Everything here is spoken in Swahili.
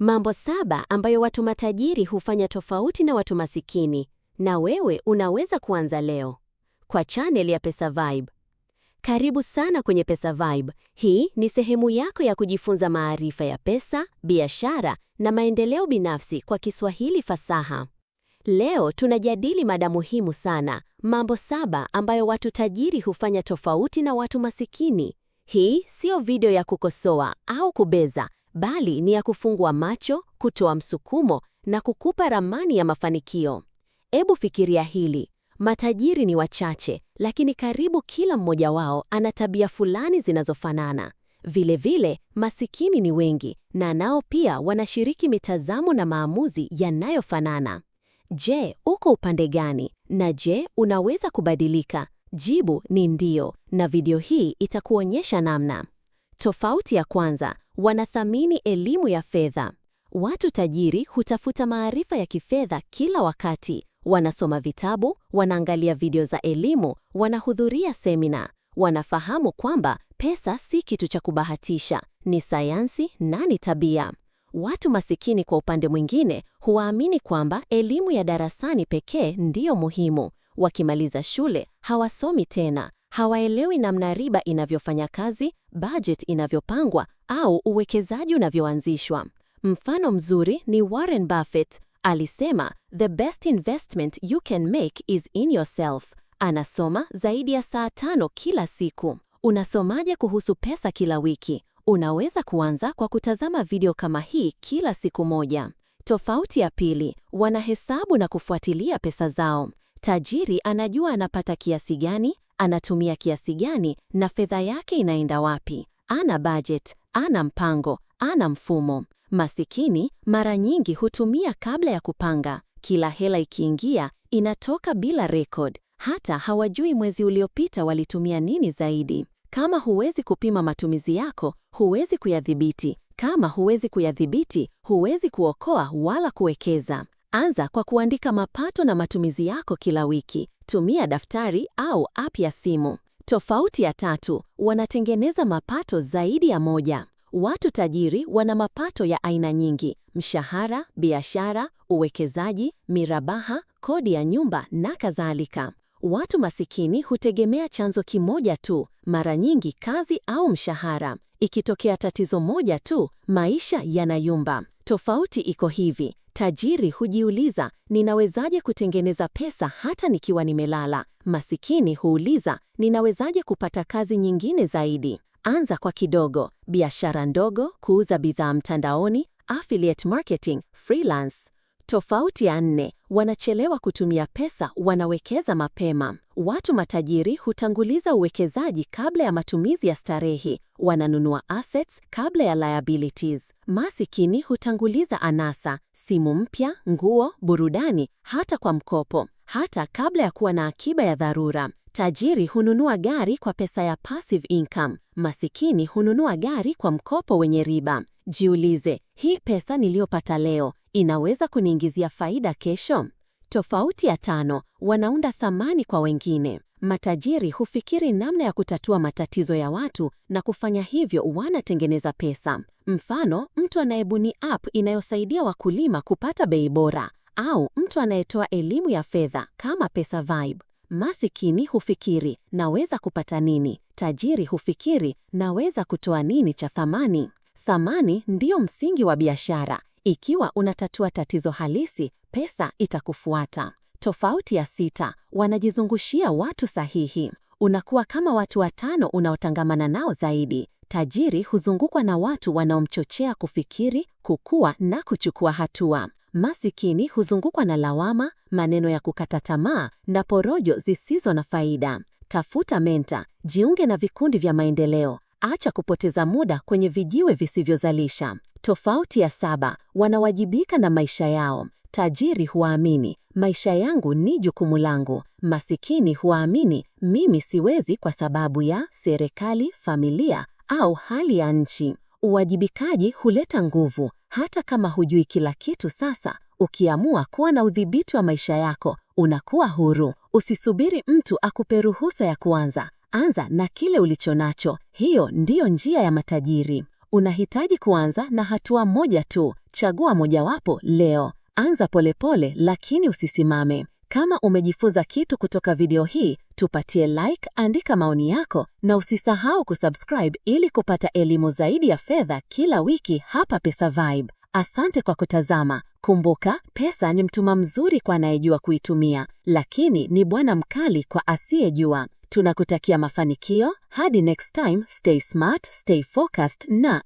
Mambo saba ambayo watu matajiri hufanya tofauti na watu masikini, na wewe unaweza kuanza leo kwa channel ya Vibe. Karibu sana kwenye pesa Vibe. Hii ni sehemu yako ya kujifunza maarifa ya pesa, biashara na maendeleo binafsi kwa Kiswahili fasaha. Leo tunajadili mada muhimu sana, mambo saba ambayo watu tajiri hufanya tofauti na watu masikini. Hii sio video ya kukosoa au kubeza, bali ni ya kufungua macho, kutoa msukumo na kukupa ramani ya mafanikio. Ebu fikiria hili. Matajiri ni wachache, lakini karibu kila mmoja wao ana tabia fulani zinazofanana. Vilevile, masikini ni wengi na nao pia wanashiriki mitazamo na maamuzi yanayofanana. Je, uko upande gani? Na je, unaweza kubadilika? Jibu ni ndio, na video hii itakuonyesha namna. Tofauti ya kwanza, wanathamini elimu ya fedha. Watu tajiri hutafuta maarifa ya kifedha kila wakati. Wanasoma vitabu, wanaangalia video za elimu, wanahudhuria semina. Wanafahamu kwamba pesa si kitu cha kubahatisha, ni sayansi na ni tabia. Watu masikini, kwa upande mwingine, huwaamini kwamba elimu ya darasani pekee ndiyo muhimu. Wakimaliza shule hawasomi tena, hawaelewi namna riba inavyofanya kazi, bajeti inavyopangwa au uwekezaji unavyoanzishwa. Mfano mzuri ni Warren Buffett alisema, the best investment you can make is in yourself. Anasoma zaidi ya saa tano kila siku. Unasomaje kuhusu pesa kila wiki? Unaweza kuanza kwa kutazama video kama hii kila siku moja. Tofauti ya pili, wanahesabu na kufuatilia pesa zao. Tajiri anajua anapata kiasi gani, anatumia kiasi gani na fedha yake inaenda wapi. Ana budget, ana mpango, ana mfumo. Masikini mara nyingi hutumia kabla ya kupanga, kila hela ikiingia inatoka bila rekod Hata hawajui mwezi uliopita walitumia nini zaidi. Kama huwezi kupima matumizi yako, huwezi kuyadhibiti. Kama huwezi kuyadhibiti, huwezi kuokoa wala kuwekeza. Anza kwa kuandika mapato na matumizi yako kila wiki. Tumia daftari au app ya simu. Tofauti ya tatu, wanatengeneza mapato zaidi ya moja. Watu tajiri wana mapato ya aina nyingi: mshahara, biashara, uwekezaji, mirabaha, kodi ya nyumba na kadhalika. Watu masikini hutegemea chanzo kimoja tu, mara nyingi kazi au mshahara. Ikitokea tatizo moja tu, maisha yanayumba. Tofauti iko hivi: Tajiri hujiuliza, ninawezaje kutengeneza pesa hata nikiwa nimelala? Masikini huuliza, ninawezaje kupata kazi nyingine zaidi? Anza kwa kidogo: biashara ndogo, kuuza bidhaa mtandaoni, affiliate marketing, freelance. Tofauti ya nne: wanachelewa kutumia pesa, wanawekeza mapema. Watu matajiri hutanguliza uwekezaji kabla ya matumizi ya starehi, wananunua assets kabla ya liabilities. Masikini hutanguliza anasa, simu mpya, nguo, burudani, hata kwa mkopo, hata kabla ya kuwa na akiba ya dharura. Tajiri hununua gari kwa pesa ya passive income, masikini hununua gari kwa mkopo wenye riba. Jiulize, hii pesa niliyopata leo inaweza kuniingizia faida kesho? Tofauti ya tano, wanaunda thamani kwa wengine. Matajiri hufikiri namna ya kutatua matatizo ya watu na kufanya hivyo wanatengeneza pesa. Mfano, mtu anayebuni app inayosaidia wakulima kupata bei bora au mtu anayetoa elimu ya fedha kama Pesa Vibe. Masikini hufikiri naweza kupata nini? Tajiri hufikiri naweza kutoa nini cha thamani? Thamani ndiyo msingi wa biashara. Ikiwa unatatua tatizo halisi, pesa itakufuata. Tofauti ya sita, wanajizungushia watu sahihi. Unakuwa kama watu watano unaotangamana nao zaidi. Tajiri huzungukwa na watu wanaomchochea kufikiri, kukua na kuchukua hatua. Masikini huzungukwa na lawama, maneno ya kukata tamaa na porojo zisizo na faida. Tafuta menta, jiunge na vikundi vya maendeleo, acha kupoteza muda kwenye vijiwe visivyozalisha. Tofauti ya saba, wanawajibika na maisha yao. Tajiri huwaamini, maisha yangu ni jukumu langu. Masikini huwaamini, mimi siwezi kwa sababu ya serikali, familia au hali ya nchi. Uwajibikaji huleta nguvu, hata kama hujui kila kitu. Sasa ukiamua kuwa na udhibiti wa maisha yako, unakuwa huru. Usisubiri mtu akupe ruhusa ya kuanza. Anza na kile ulicho nacho. Hiyo ndiyo njia ya matajiri. Unahitaji kuanza na hatua moja tu. Chagua mojawapo leo. Anza polepole pole, lakini usisimame. Kama umejifunza kitu kutoka video hii, tupatie like, andika maoni yako na usisahau kusubscribe ili kupata elimu zaidi ya fedha kila wiki hapa PesaVibe. Asante kwa kutazama. Kumbuka, pesa ni mtuma mzuri kwa anayejua kuitumia, lakini ni bwana mkali kwa asiyejua. Tunakutakia mafanikio. Hadi next time, stay smart, stay focused na